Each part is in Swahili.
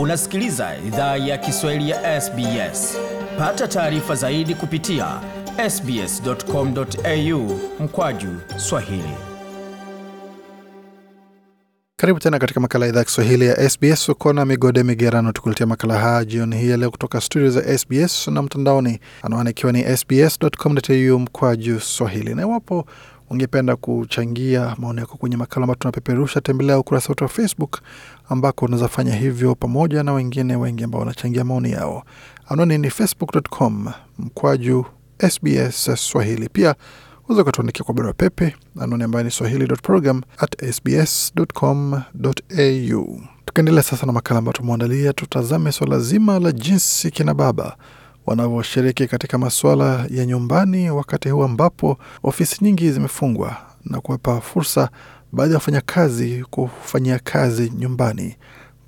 Unasikiliza idhaa ya Kiswahili ya SBS. Pata taarifa zaidi kupitia sbs.com.au mkwaju swahili. Karibu tena katika makala ya idhaa ya Kiswahili ya SBS. Ukona migode migerano, tukuletea makala haya jioni hii yaleo leo kutoka studio za SBS na mtandaoni, anaanikiwa ni sbs.com.au mkwaju swahili. Na iwapo ungependa kuchangia maoni yako kwenye makala ambayo tunapeperusha, tembelea ukurasa wetu wa Facebook ambako unaweza fanya hivyo pamoja na wengine wengi ambao wanachangia maoni yao. Anwani ni facebook.com mkwaju SBS Swahili. Pia unaweza ukatuandikia kwa barua pepe, anwani ambayo ni swahili.program@sbs.com.au. Tukaendelea sasa na makala ambayo tumeandalia, tutazame swala zima la jinsi kina baba wanavyoshiriki katika masuala ya nyumbani, wakati huu ambapo ofisi nyingi zimefungwa na kuwapa fursa baadhi ya wafanyakazi kufanyia kazi nyumbani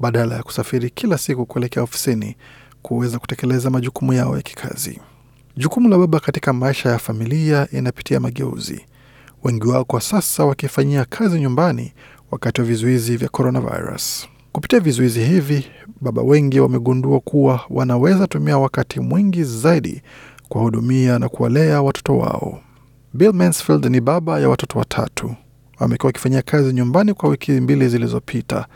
badala ya kusafiri kila siku kuelekea ofisini kuweza kutekeleza majukumu yao ya kikazi. Jukumu la baba katika maisha ya familia inapitia mageuzi, wengi wao kwa sasa wakifanyia kazi nyumbani wakati wa vizuizi vya coronavirus. Kupitia vizuizi hivi, baba wengi wamegundua kuwa wanaweza tumia wakati mwingi zaidi kuwahudumia na kuwalea watoto wao. Bill Mansfield ni baba ya watoto watatu. Amekuwa akifanyia kazi nyumbani kwa wiki mbili zilizopita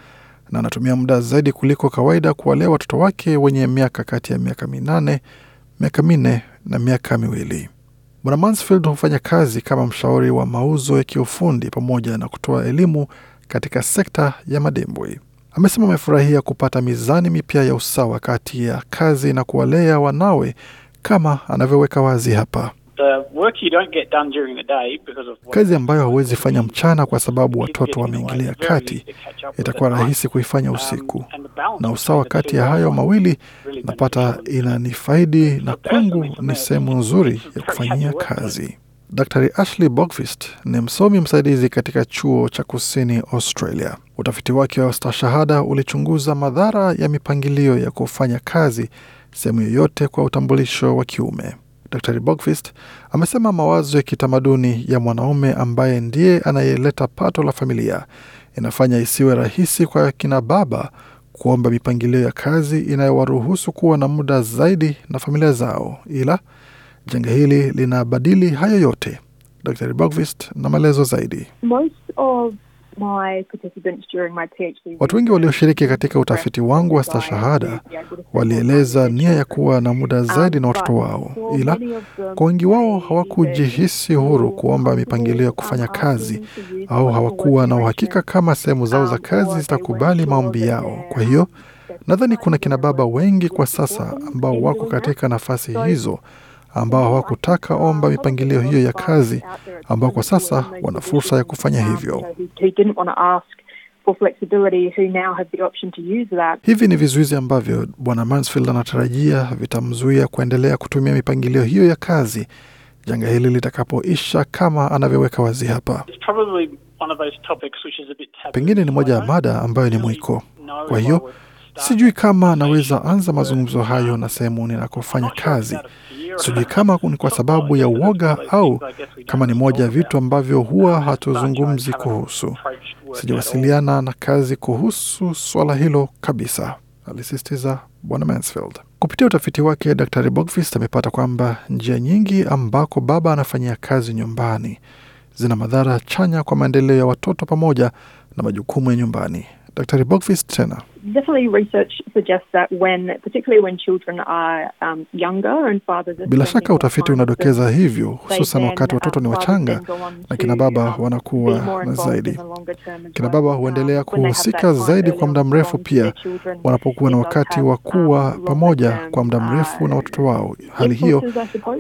na anatumia muda zaidi kuliko kawaida kuwalea watoto wake wenye miaka kati ya miaka minane, miaka minne na miaka miwili. Bwana Mansfield hufanya kazi kama mshauri wa mauzo ya kiufundi pamoja na kutoa elimu katika sekta ya madimbwi amesema amefurahia kupata mizani mipya ya usawa kati ya kazi na kuwalea wanawe kama anavyoweka wazi hapa. Kazi ambayo hauwezi fanya mchana kwa sababu watoto wameingilia kati itakuwa rahisi kuifanya um, usiku, na usawa kati ya hayo mawili napata inanifaidi, na kwangu ni sehemu nzuri ya kufanyia kazi. Daktari Ashley Bogfist ni msomi msaidizi katika chuo cha kusini Australia. Utafiti wake wa stashahada ulichunguza madhara ya mipangilio ya kufanya kazi sehemu yoyote kwa utambulisho wa kiume. Daktari Bogfist amesema mawazo ya kitamaduni ya mwanaume ambaye ndiye anayeleta pato la familia inafanya isiwe rahisi kwa kina baba kuomba mipangilio ya kazi inayowaruhusu kuwa na muda zaidi na familia zao, ila Janga hili linabadili hayo yote. Dr. Bogvist na maelezo zaidi. Watu wengi walioshiriki katika utafiti wangu wa stashahada walieleza nia ya kuwa na muda zaidi na watoto wao, ila kwa wengi wao hawakujihisi huru kuomba mipangilio ya kufanya kazi au hawakuwa na uhakika kama sehemu zao za kazi zitakubali maombi yao. Kwa hiyo nadhani kuna kinababa wengi kwa sasa ambao wako katika nafasi hizo ambao hawakutaka omba mipangilio hiyo ya kazi, ambao kwa sasa wana fursa ya kufanya hivyo. Hivi ni vizuizi ambavyo Bwana Mansfield anatarajia vitamzuia kuendelea kutumia mipangilio hiyo ya kazi janga hili litakapoisha, kama anavyoweka wazi hapa. Pengine ni moja ya mada ambayo ni mwiko, kwa hiyo Sijui kama naweza anza mazungumzo hayo na sehemu ninakofanya kazi. Sijui kama ni kwa sababu ya uoga au kama ni moja ya vitu ambavyo huwa hatuzungumzi kuhusu. Sijawasiliana na kazi kuhusu swala hilo kabisa, alisisitiza Bwana Mansfield. Kupitia utafiti wake, dr Bogfist amepata kwamba njia nyingi ambako baba anafanyia kazi nyumbani zina madhara chanya kwa maendeleo ya watoto pamoja na majukumu ya nyumbani. Daktari Bogfist tena Um, Bila shaka utafiti unadokeza hivyo, hususan wakati watoto ni wachanga na kina baba um, wanakuwa na zaidi. Kina baba huendelea um, kuhusika zaidi kwa muda mrefu, pia wanapokuwa na wakati wa kuwa pamoja kwa muda mrefu na watoto wao. Hali hiyo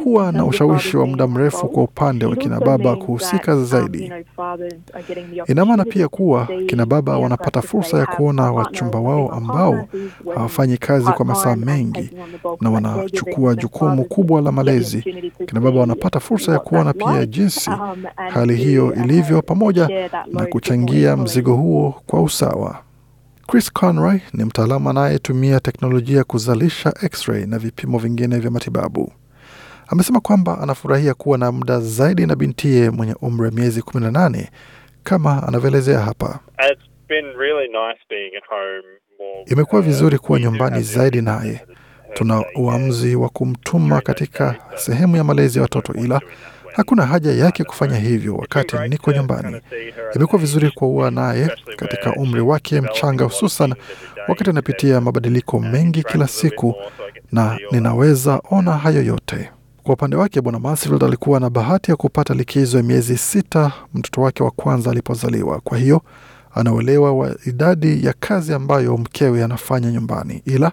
huwa na ushawishi wa muda mrefu kwa upande wa kina baba kuhusika zaidi. Ina maana pia kuwa kina baba wanapata fursa ya kuona wachumba wao wao ambao hawafanyi kazi kwa masaa mengi na wanachukua jukumu kubwa la malezi. Kina baba wanapata fursa ya kuona pia jinsi um, hali hiyo ilivyo, pamoja na kuchangia mzigo huo kwa usawa. Chris Conroy ni mtaalamu anayetumia teknolojia kuzalisha x-ray na vipimo vingine vya matibabu. Amesema kwamba anafurahia kuwa na muda zaidi na bintiye mwenye umri wa miezi 18 kama anavyoelezea hapa. It's been really nice being at home Imekuwa vizuri kuwa nyumbani zaidi naye. Tuna uamuzi wa kumtuma katika sehemu ya malezi ya watoto, ila hakuna haja yake kufanya hivyo wakati niko nyumbani. Imekuwa vizuri kuwa naye katika umri wake mchanga, hususan wakati anapitia mabadiliko mengi kila siku, na ninaweza ona hayo yote. Kwa upande wake, Bwana Masfield alikuwa na bahati ya kupata likizo ya miezi sita mtoto wake wa kwanza alipozaliwa, kwa hiyo anauelewa wa idadi ya kazi ambayo mkewe anafanya nyumbani, ila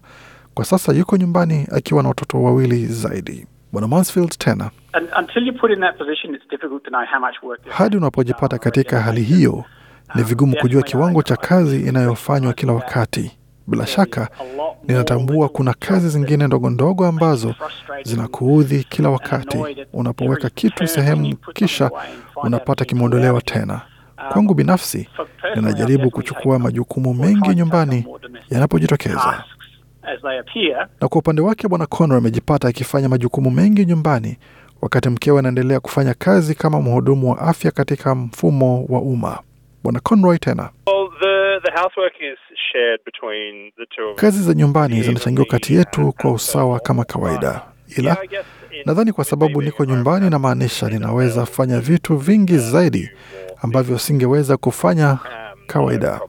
kwa sasa yuko nyumbani akiwa na watoto wawili zaidi. Bwana Mansfield tena hadi unapojipata uh, katika hali hiyo ni uh, vigumu kujua kiwango cha kazi inayofanywa kila wakati. Bila shaka ninatambua kuna kazi zingine ndogo ndogo ambazo zinakuudhi kila wakati, unapoweka kitu sehemu kisha unapata kimeondolewa tena. Kwangu binafsi, ninajaribu kuchukua majukumu mengi nyumbani yanapojitokeza. Na kwa upande wake, Bwana Conor amejipata akifanya majukumu mengi nyumbani wakati mkewe anaendelea kufanya kazi kama mhudumu wa afya katika mfumo wa umma. Bwana Conroy tena, kazi za nyumbani zinachangiwa kati yetu kwa usawa kama kawaida, ila Nadhani kwa sababu niko nyumbani, namaanisha ninaweza fanya vitu vingi zaidi ambavyo singeweza kufanya kawaida,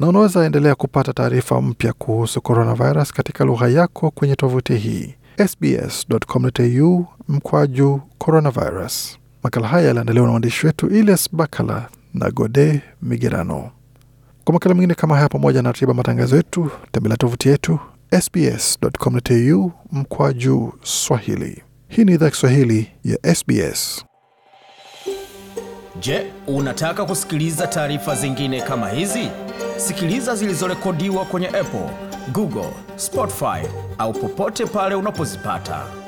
na unaweza endelea kupata taarifa mpya kuhusu coronavirus katika lugha yako kwenye tovuti hii sbs.com.au mkwaju coronavirus. Makala haya yaliandaliwa na waandishi wetu Iles Bakala na Gode Migerano. Kwa makala mengine kama haya, pamoja na ratiba matangazo yetu, tembelea tovuti yetu sbs.com.au mkwaju swahili. Hii ni idhaa Kiswahili ya SBS. Je, unataka kusikiliza taarifa zingine kama hizi? Sikiliza zilizorekodiwa kwenye Apple, Google, Spotify au popote pale unapozipata.